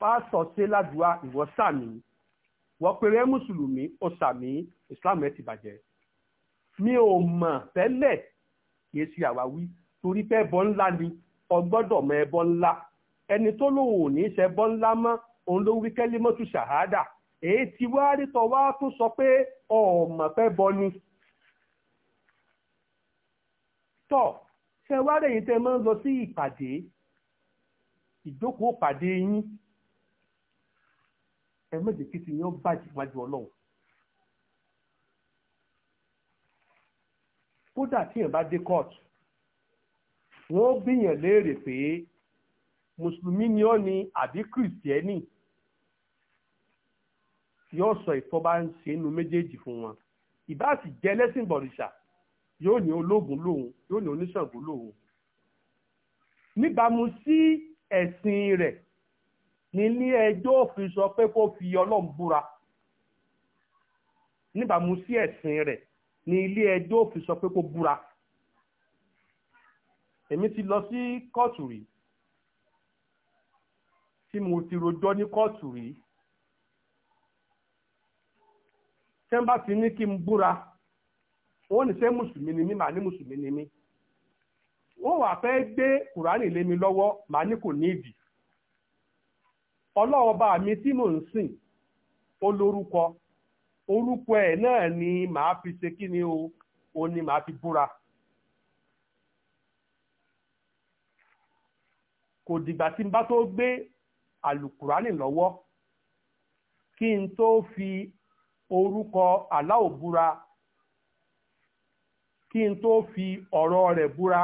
pásítọ̀ ṣe ládùúgbà ìwọ sàmì wọ́n pèrè mùsùlùmí ó sàmì islam ẹ̀ ti bàjẹ́ mi ò mọ̀ tẹ́lẹ̀ kì í ṣe àwáwí torí pé ẹbọ ńlá ni ọgbọ́dọ̀ mọ ẹbọ ńlá ẹni tó lòun ò ní í ṣe ẹbọ ńlá mọ́ òun ló wí kẹ́límọ́tù ṣàhádà èyí tí wá rí tọ́ wá tún sọ pé ọ̀mọ̀ fẹ́ bọ ni. tọ́ ṣe wá rèyìn tẹ́ máa ń lọ sí ìpàdé ìjókòó pàdé yín ẹ má jẹ́ kí ti yẹn bàjẹ́ wájú ọlọ́run. kódà tí yẹn bá dé kóòtù wọ́n bíyàn léèrè pé mùsùlùmí ni ó ní àbí kìrìsìtẹ́nì yóò sọ ìfọ́ bá ń ṣe inú méjèèjì fún wọn ìbá sì jẹ́ lẹ́sìn bọ̀rìṣà yóò ní ológun lòun yóò ní oníṣàngó lòun níbàámu sí ẹ̀sìn rẹ̀ nílé ẹjọ́ òfin sọ pé kó fi ọlọ́run búra níbàámu sí ẹ̀sìn rẹ̀ ní ilé ẹjọ́ òfin sọ pé kó búra èmi ti lọ sí kóòtù rí tí mo ti rojọ́ ní kóòtù rí tẹ́ńbà ti ní kí n búra wọ́n ní ṣé mùsùlùmí ni mí màá ní mùsùlùmí ni mí wọ́n wà fẹ́ gbé kùránì lé mi lọ́wọ́ màá ní kò ní ìdí ọlọ́ọ̀ba mi tí mò ń sìn olórúkọ orúkọ ẹ̀ náà ni màá fi ṣe kí ni o ó ní màá fi búra. kò dìgbà tí n bá tó gbé àlùkùránì lọ́wọ́ kí n tó fi orúkọ aláwò búra kí n tó fi ọ̀rọ̀ rẹ̀ búra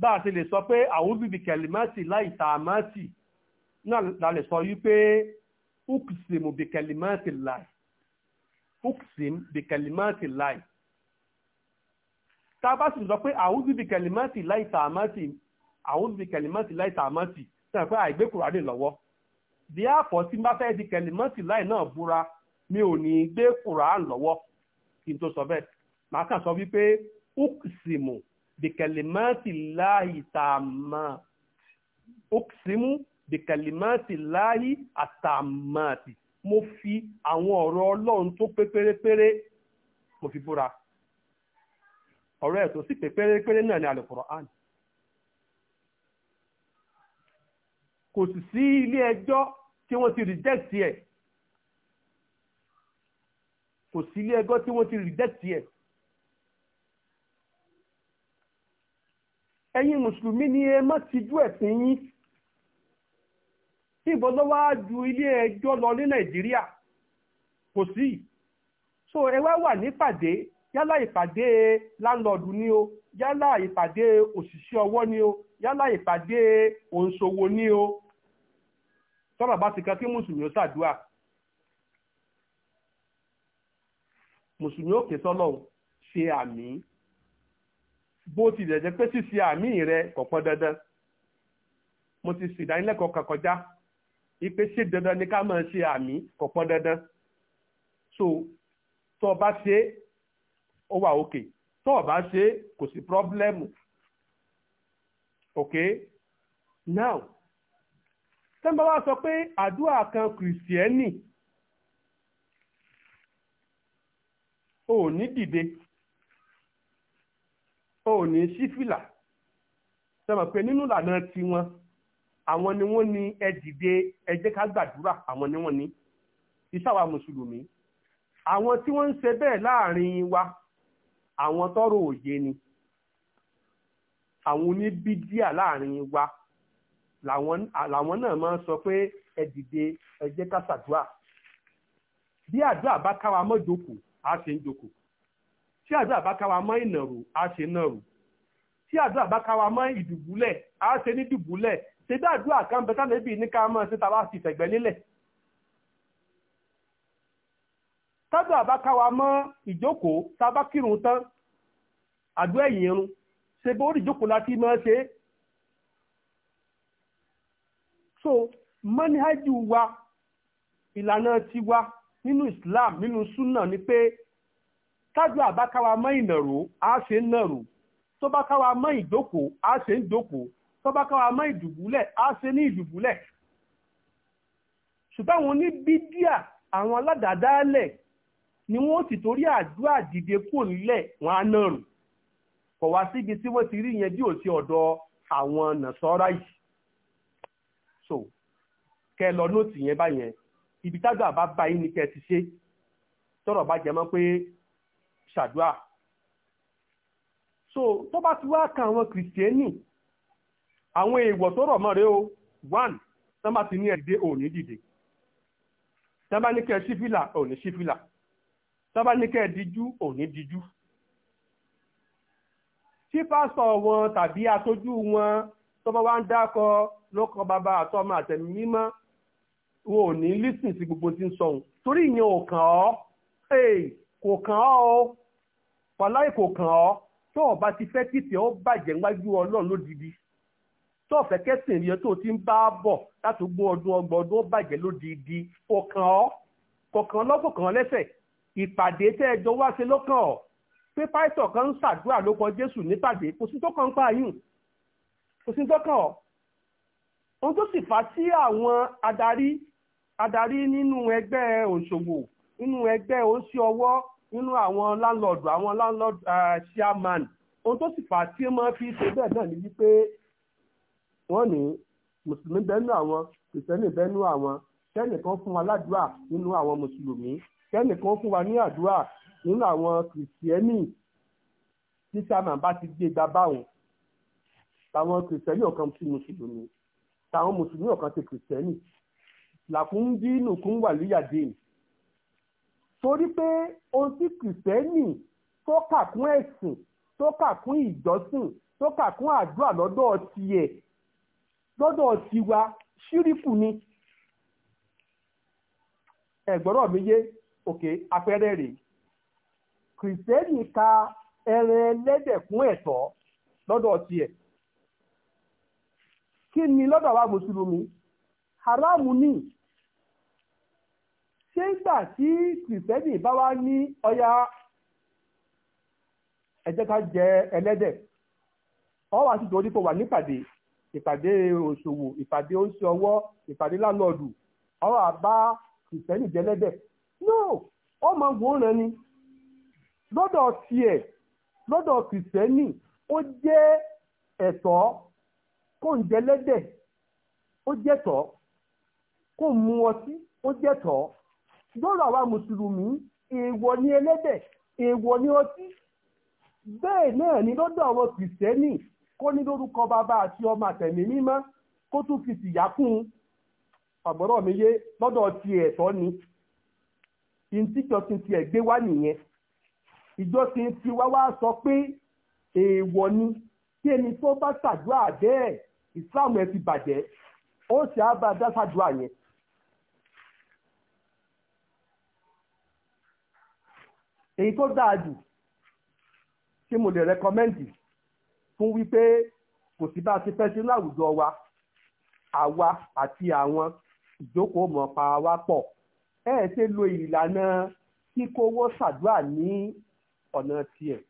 bá a ti lè sọ pé àwọn bíbí kẹlìmọ́tì láì tààmọ́tì náà lálẹ́ sọ yí pé uksim bikalimati lai uksim bikalimati lai tá a bá sì sọ pé àwùjọ bikalimati lai tààmátì àwùjọ bikalimati lai tààmátì sọ pé àìgbé kùránì lọ́wọ́ díàpọ̀ tí n bá fẹ́ di kẹlìmọ́tì láì náà búra mi ò ní gbé kùránì lọ́wọ́ kí n tó sọ bẹ́ẹ̀ màá kàn sọ wípé uksimu bìkẹlìmọ́tì láì tààmà uksimu bìkàlímàtì láàyè àtàmàtì mo fi àwọn ọ̀rọ̀ ọlọ́run tó pé pérépéré mo fi búra ọ̀rọ̀ ẹ̀ tó sì pé pérépéré náà ni Al-Qur'an kò sì sí ilé ẹjọ́ tí wọ́n ti reject ẹ̀ kò sí ilé ẹjọ́ tí wọ́n ti reject ẹ̀. ẹ̀yin mùsùlùmí ni ẹ má tijú ẹ̀sìn yín ìbò ló wá ju ilé ẹjọ́ lọ ní nàìjíríà kò sí so ẹ wá wà nípàdé yálà ìpàdé láńlọ́ọ̀dù ni o yálà ìpàdé òṣìṣẹ́ ọwọ́ ni o yálà ìpàdé òǹṣòwò ni o tọ́rọ̀ bá ti kan kí mùsùlùmí ó ṣàdúrà mùsùlùmí ó ké sọ́lọ́hun ṣe àmì bó tilẹ̀ jẹ́ pé ṣíṣe àmì rẹ kò dandan mo ti ṣèdánilẹ́kọ̀ọ́ kan kọjá. ipe ṣe dandan ni ká máa ṣe àmì kò pọn dandan so tó o bá ṣe ó wà òkè tó o bá ṣe kò sí pírọ́blẹ́mù ok now tẹ́ńbà wá sọ pé àdúrà kan kìrìsìẹ́nì ò ní dìde ò ní sífìlà tẹ́mọ̀ pé nínú ìlànà tiwọn àwọn ni wọ́n ní ẹ dìde ẹ jẹ́ ká gbàdúrà àwọn ni wọ́n ní iṣẹ́ wa mùsùlùmí àwọn tí wọ́n ń ṣe bẹ́ẹ̀ láàrin wa àwọn tọ́rọ òye ni àwọn oníbídíà láàrin wa làwọn náà máa ń sọ pé ẹ dìde ẹ jẹ́ ká ṣàdúrà bí àdúrà bá káwa mọ́ jòkó a ṣe ń jòkó tí àdúrà bá káwa mọ́ ìnàró a ṣe náà rò tí àdúrà bá káwa mọ́ ìdùbúlẹ̀ a ṣe ní dùbúlẹ̀ ṣe bí àdúrà kan bẹ́tà níbi ní ká mọ́ sí tàbá sí ìfẹ̀gbẹ́ nílẹ̀ tábí àbákáwa mọ́ ìjókòó tábá kírun tán àdúrà ẹ̀yìn irun ṣe bí orí ìjókòó láti mọ́ ṣe so mọ́níhájú wa ìlànà tiwa nínú Islam nínú súnà ni pé tájú àbákáwa mọ́ ìnàró a ṣe ń nàró tó bá káwa mọ́ ìjókòó a ṣe ń jókòó tọ́ba káwa mọ́ ìdùbúlẹ̀ á ṣe ní ìdùbúlẹ̀ ṣùgbọ́n àwọn oníbídíà àwọn aládàádáálẹ̀ ni wọ́n ti torí àdúrà dìde kúrò nílẹ̀ wọn á náà rùn kọ̀ wá síbi tí wọ́n ti rí yẹn bí ò sí ọ̀dọ̀ àwọn nàṣọ́ra yìí so kẹ lọ nóòtì yẹn báyẹn ibi tágbà bá bá yín ni kẹ ti ṣe tọrọ bá jẹ mọ́ pé ṣàdúà so tó bá ti wá kan àwọn kìrìsìtẹ́nì àwọn èèwọ̀ tó rọ̀ mọ́ rẹ o one tán bá ti ní ẹ̀dẹ́ òní dìde tán bá ní kẹ́ sífìlà òní sífìlà tán bá ní kẹ́ díjú òní díjú tí pásítọ̀ wọn tàbí atójú wọn tó bá wá ń dákọ lókọ bàbá àtọmọ àtẹ̀mí mímọ́ wọn ò ní lísìn sí gbogbo tí ń sọ òun torí ìyẹn ò kàn ọ́ kò kàn ọ́ o wàláì kò kàn ọ́ tó o bá ti fẹ́ títì ó bàjẹ́ níwájú ọlọ́run lódìdí tó fẹ́ kẹ́sìn rí ẹ tó ti ń bá bọ̀ láti gbó ọdún ọgbọ̀n ọdún bàjẹ́ lódìdí kọ̀ọ̀kan ọ́ kọ̀ọ̀kan lọ́kọ̀ kan lẹ́sẹ̀ ìpàdé tẹ́ ẹ jọ wá sí lọ́kàn ọ̀ pé pásítọ̀ kan ń ṣàdúrà ló kan Jésù nípàdé kò sí tó kàn ń pa àyùn kò sí tó kàn ọ́ ohun tó sì fà sí àwọn adarí adarí nínú ẹgbẹ́ òṣòwò nínú ẹgbẹ́ oṣù ọwọ́ nínú àwọn láńlọ́ọ̀dù àwọn láńlọ́ọ̀dù eh, chairman ohun tó sì fà sí máa fi ṣe bẹ́ẹ̀ náà ni wípé wọ́n ní mùsùlùmí bẹ́nu àwọn kìrìsìtẹ́nì bẹ́nu àwọn kẹ́nìkan fún wa ládùúà nínú àwọn mùsùlùmí kẹ́nìkan fún wa ní àdúrà nínú àwọn kìrìsìtẹ́nì tí sàmà bá ti gbé gba báwọn táwọn kìrìsìtẹ́nì ọ̀kan ti mùsùlùmí táwọn mùsùlùmí ọ̀kan ti kìrìsìtẹ́nì làkúndínù kún wà líyàdéyìn torí pé ohun tí kìrìsìtẹ́nì tó kà kún ẹ̀sìn tó kà kún ìjọsìn tó kà kún àdúrà lọ́dọ̀ tiẹ̀ lọ́dọ̀ tiwa ṣírífù ni ẹ̀gbọ́rọ̀ mi yé òkè àpẹẹrẹ rẹ̀ kìrìsìtẹ́nì ka ẹran ẹlẹ́dẹ̀ kún ẹ̀tọ́ lọ́dọ̀ tiẹ̀ kí ni lọ́dọ̀ wa mùsùlùmí haramu ni ṣé ìgbà tí kìrìsìtẹ́nì bá wá ní ọya ẹ ká jẹ ẹlẹ́dẹ̀ ọ wá sí torí wà nípàdé ìpàdé òṣòwò ìpàdé oúnjẹ ọwọ́ ìpàdé lánàádù ọ̀rọ̀ àbá kìrìsìtẹ́nì jẹ́lẹ́dẹ̀ no ó máa wò ó rẹ ni lọ́dọ̀ tiẹ̀ lọ́dọ̀ kìrìsìtẹ́nì ó jẹ́ ẹ̀tọ́ kó ń jẹ́lẹ́dẹ̀ ó jẹ́tọ́ kó ń mu ọtí ó jẹ́tọ́ lọ́rọ̀ àwa mùsùlùmí èèwọ̀ ni ẹlẹ́dẹ̀ èèwọ̀ ni ọtí bẹ́ẹ̀ náà ni lọ́dọ̀ àwọn kìrìsìtẹ́nì kó ní lórúkọ bàbá àti ọmọ àtẹ̀mí mímọ́ kó tún fi tìyà kún un ọ̀gbọ́dọ̀ mi yé lọ́dọ̀ ti ẹ̀tọ́ ni ìtìjọsìn tiẹ̀ gbé wá nìyẹn ìjọsìn ti wá wá sọ pé èèwọ̀ ni kí ẹni tó bá ṣàdúrà bẹ́ẹ̀ ìsìláàmù ẹ̀ ti bàjẹ́ ó sì á bá dá ṣàdúrà yẹn. èyí tó dáa jù ṣé mo lè rẹkọmẹ́ǹdì fún wípé kò sí bá a ti fẹ́ sí láwùjọ wa àwa àti àwọn ìjókòó mọ̀ pa wá pọ̀ ẹ ẹ̀ ṣe lo ìlànà kíkówó ṣàdúrà ní ọ̀nà tiẹ̀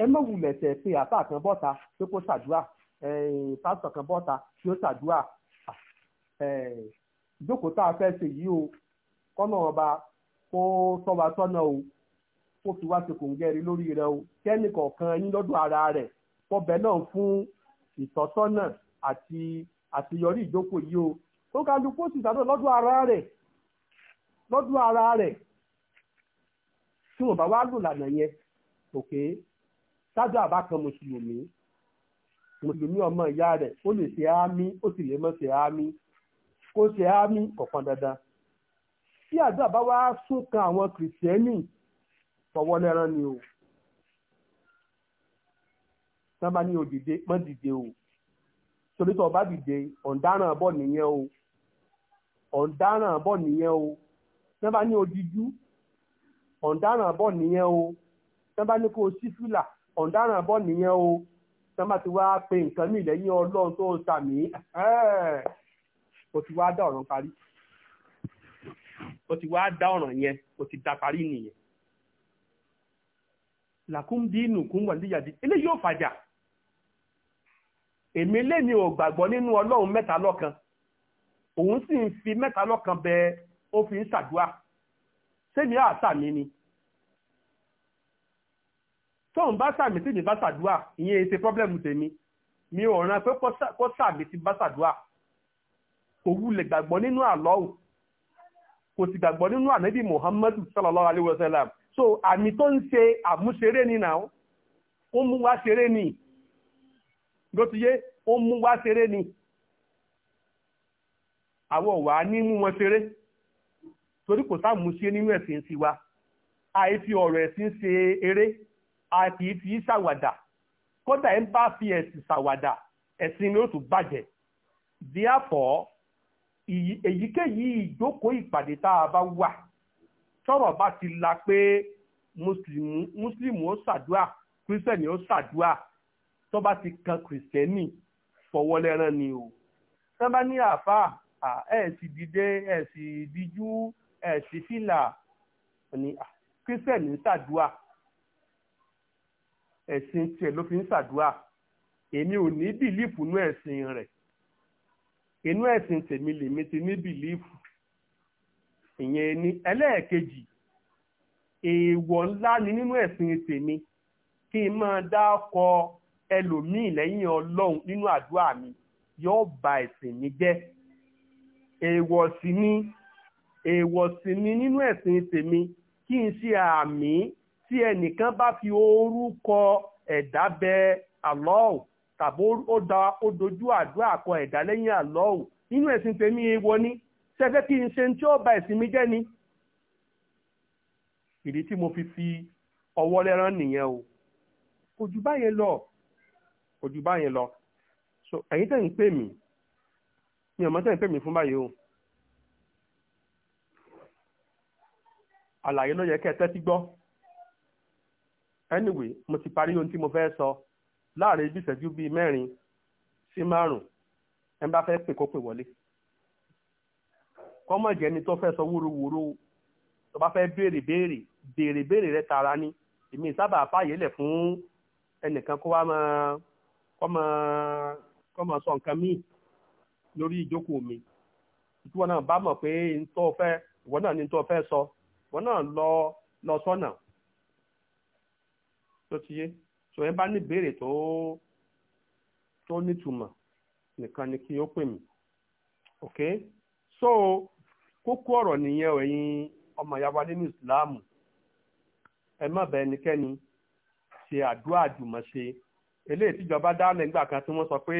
ẹ má wulẹ̀ tẹ̀ pé àpá kan bọ́ta pé kó ṣàdúrà pásítọ̀ kan bọ́ta tí ó ṣàdúrà ìjókòó tá a fẹ́ ṣe yìí o kọ́nà ọba kó tọ́ wa o kó fi wá ṣe kòǹgẹ́rì lórí rẹ o kẹ́nìkọ̀ọ̀kan yín lọ́dún ara rẹ̀ mo bẹ̀ náà fún ìtọ́sọ́nà àti àṣeyọrí ìjókòó yìí o tó kálukú sì sàdọ̀ lọ́dún ara rẹ̀ lọ́dún ara rẹ̀ tí wọ́n bá wá lò lànà yẹn òkè sájọ́ àbá kan mùsùlùmí mùsùlùmí ọmọ ìyá rẹ̀ ó lè ṣe àmì ó sì lè mọ́ ṣe àmì kó ṣe àmì ọ̀kan dandan tí àdúrà bá wá sún kan àwọn kìrìsìtẹ́nì fọwọ́ lẹ́rán ni o tán bá ní òdìdé mọ́ dìde o torí tó bá dìde ọ̀ǹdáràn bọ̀ nìyẹn o ọ̀ǹdáràn bọ̀ nìyẹn o tán bá ní òdìjú ọ̀ǹdáràn bọ̀ nìyẹn o tán bá ní kó o sí fìlà ọ̀ǹdáràn bọ̀ nìyẹn o tán bá ti wá pe nǹkan mì lẹ́yìn ọlọ́run tó sàmì ó ti wá dá ọ̀ràn parí ó ti wá dá ọ̀ràn yẹn ó ti dá parí nìyẹn làkúndínù kún wà níyàdí eléyìí ò fàjà èmi lè ní ò gbàgbọ́ nínú ọlọ́run mẹ́ta lọ́kan òun sì ń fi mẹ́ta lọ́kan bẹ ó fi ń ṣàdúrà sẹ́mi á sàmì ni tóun bá sàmì tí mi bá ṣàdúrà ìyẹn ṣe pọ́blẹ́mù tèmi mi ò ràn pé kó sàmì tí bá ṣàdúrà kò wulẹ̀ gbàgbọ́ nínú àlọ́hùn kò sì gbàgbọ́ nínú ànábì Muhammadu sallallahu alayhi wa sallam so àmì tó ń ṣe àmúṣeré ni náà ó mú wá ṣeré ni ló ti yé ó mú wá ṣeré ni àwọn wà ní mú wọn ṣeré torí kò sáà mú sí nínú ẹ̀sìn sí wa àìfi ọ̀rọ̀ ẹ̀sìn ṣe eré àti ìfi ṣàwàdà kódà ẹ̀ ń bá fi ẹ̀sìn ṣàwàdà ẹ̀sìn ni ó tún bàjẹ́ therefore èyíkéyìí ìjókòó ìpàdé tá a bá wà tọ́rọ̀ bá ti la pé mùsùlùmí ó ṣàdúà kírísítẹ̀nì ó ṣàdúà tó bá ti kan kìrìsìtẹ́nì fọwọ́lẹ́rán ni o tó bá ní àfa ẹ̀ sì dìde ẹ̀ sì díjú ẹ̀ sì fìlà ni kìrìsìtẹ́nì ń ṣàdúà ẹ̀sìn tiẹ̀ ló fi ń ṣàdúà èmi ò ní bìlífù nú ẹ̀sìn rẹ̀ inú ẹ̀sìn tèmi lèmi ti ní bìlífù ìyẹn ni ẹlẹ́ẹ̀kejì èèwọ̀ ńlá ni nínú ẹ̀sìn tèmi kí n máa dá kọ ẹlòmíì lẹ́yìn ọlọ́run nínú àdúrà mi yóò ba ẹ̀sìn mi jẹ́ èèwọ̀ sí ni èèwọ̀ sí ni nínú ẹ̀sìn tèmi kí n ṣe àmì tí ẹnìkan bá fi orúkọ ẹ̀dá bẹ àlọ́ọ̀ tàbí ó dojú àdúrà kọ ẹ̀dá lẹ́yìn àlọ́ọ̀ nínú ẹ̀sìn tèmi èèwọ̀ ni ṣẹ́fẹ́ kí n ṣe tí ó ba ẹ̀sìn mi jẹ́ ni ìdí tí mo fi fi ọwọ́ lẹ́rán nìyẹn o kò jù báyẹn lọ kò ju báyẹn lọ so ẹ̀yin tẹ̀ ń pè mí mi ò mọ̀ tẹ̀ ń pè mí fún báyìí o àlàyé ló yẹ kẹ́ tẹ́tí gbọ́ anyway mo ti parí ohun tí mo fẹ́ sọ láàrin ibi ìṣẹ́jú bíi mẹ́rin sí márùn-ún ẹ bá fẹ́ pè kó pè wọlé kọ́mọ̀ jẹ́ ni tó fẹ́ sọ wúrúwúrú tó bá fẹ́ béèrè béèrè béèrè béèrè rẹ tààrà ni èmi sábà fàyè lẹ̀ fún ẹnìkan kó wá máa. kọ́ máa sọ nǹkan lórí ìjókòó mi tí wọ́n náà bá mọ̀ pé ntọ́ sọ ìwọ náà lọ lọ tó ti yé sọ yẹn bá ní ìbéèrè tó tó nìkan ni kí ó pè ok so kókó ọrọ nìyẹn o ọmọ ìyá nínú ẹ má bẹ ẹnikẹ́ni ṣe àdúrà eléyìí tíjọba dálẹ̀ nígbà kan tí wọ́n sọ pé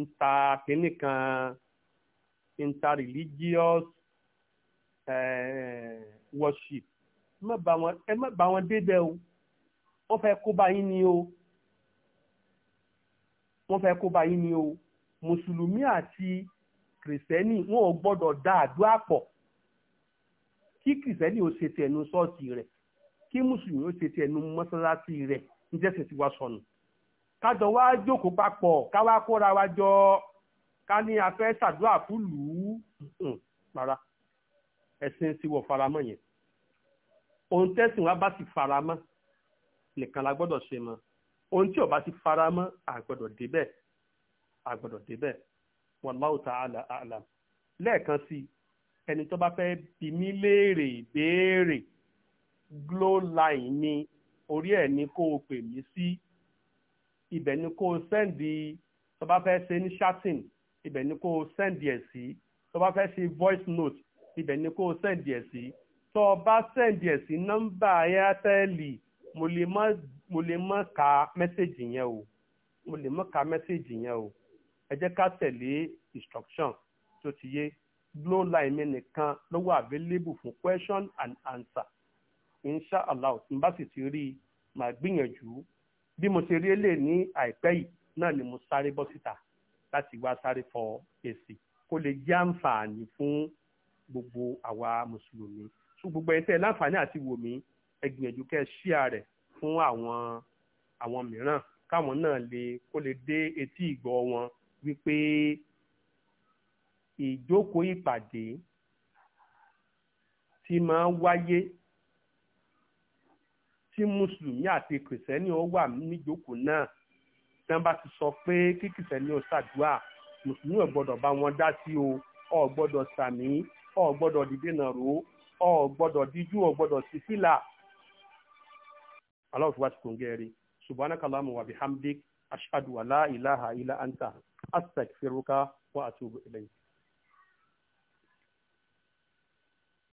nta kínní interreligious worship ẹ má bá wọn débẹ̀ o wọ́n fẹ́ kó bá yín ni o wọ́n fẹ́ kó bá yín ni o mùsùlùmí àti kìrìsẹ́nì wọn ò gbọ́dọ̀ dá àdúrà pọ̀ kí kìrìsẹ́nì ó ṣe tẹ̀nu ṣọ́ọ̀ṣì rẹ̀ kí mùsùlùmí ó ṣe ti ẹnu mọ́sálásí rẹ̀ níjẹ́sìn tiwa sọnù kájọ wá jókòó papọ̀ káwá kóra wa jọ ká ní a fẹ́ ṣàdúrà fúlùú rárá ẹ̀sìn tiwọ̀ faramọ́ yẹn ohun tẹ́sìn wa bá sì faramọ́ nìkan la gbọ́dọ̀ ṣe mọ́ ohun tí ó bá sì faramọ́ àgbọ́dọ̀ débẹ̀ àgbọ́dọ̀ débẹ̀ wallahu ta'ala a'lam lẹ́ẹ̀kan sí ẹni tó bá fẹ́ bi mí léèrè ìbéèrè glow line mi orí ẹ̀ ni kó o pè mí sí ibẹ̀ ni kó o sẹ́ndì tó bá fẹ́ ṣe ní chatting ibẹ̀ ni kó o sẹ́ndì ẹ̀ sí tó bá fẹ́ ṣe voice note ibẹ̀ ni kó o sẹ́ndì ẹ̀ sí tó o bá sẹ́ndì ẹ̀ sí nọ́mbà ayátẹ́ẹ̀lì mo lè mọ̀ ká mẹ́sẹ̀gì yẹn o mo lè mọ̀ ká mẹ́sẹ̀gì yẹn o ẹ jẹ́ ká tẹ̀lé instruction tó ti yé glow line mi nìkan ló wà available fún question and answer insha allah tí n bá sì ti rí i màá gbìyànjú bí mo ṣe rí èlé ní àìpẹ́ yìí náà ni mo sáré bọ́ síta láti wá sáré fọ èsì kó lè jẹ́ àǹfààní fún gbogbo àwa mùsùlùmí tún gbogbo ẹni tẹ́ láǹfààní àti wò mí ẹ gbìyànjú kẹ́ ẹ ṣíà rẹ̀ fún àwọn àwọn mìíràn káwọn náà lè kó lè dé etí ìgbọ́ wọn wípé ìjókòó ìpàdé tí máa ń wáyé kí mùsùlùmí àti kìrìsẹ́nì ó wà níjókòó náà tí wọ́n bá ti sọ pé kí kìrìsẹ́nì ó ṣàdúrà mùsùlùmí ò gbọ́dọ̀ bá wọn dá sí o ò gbọ́dọ̀ sàmí ò gbọ́dọ̀ dìde nàró ò gbọ́dọ̀ díjú ò gbọ́dọ̀ sí fìlà. aláwọ̀ fún wa ti kò ń gẹ́rẹ́ subhanaka Allahumma wa bihamdik ashhadu an la ilaha illa anta astaghfiruka wa atubu ilayk.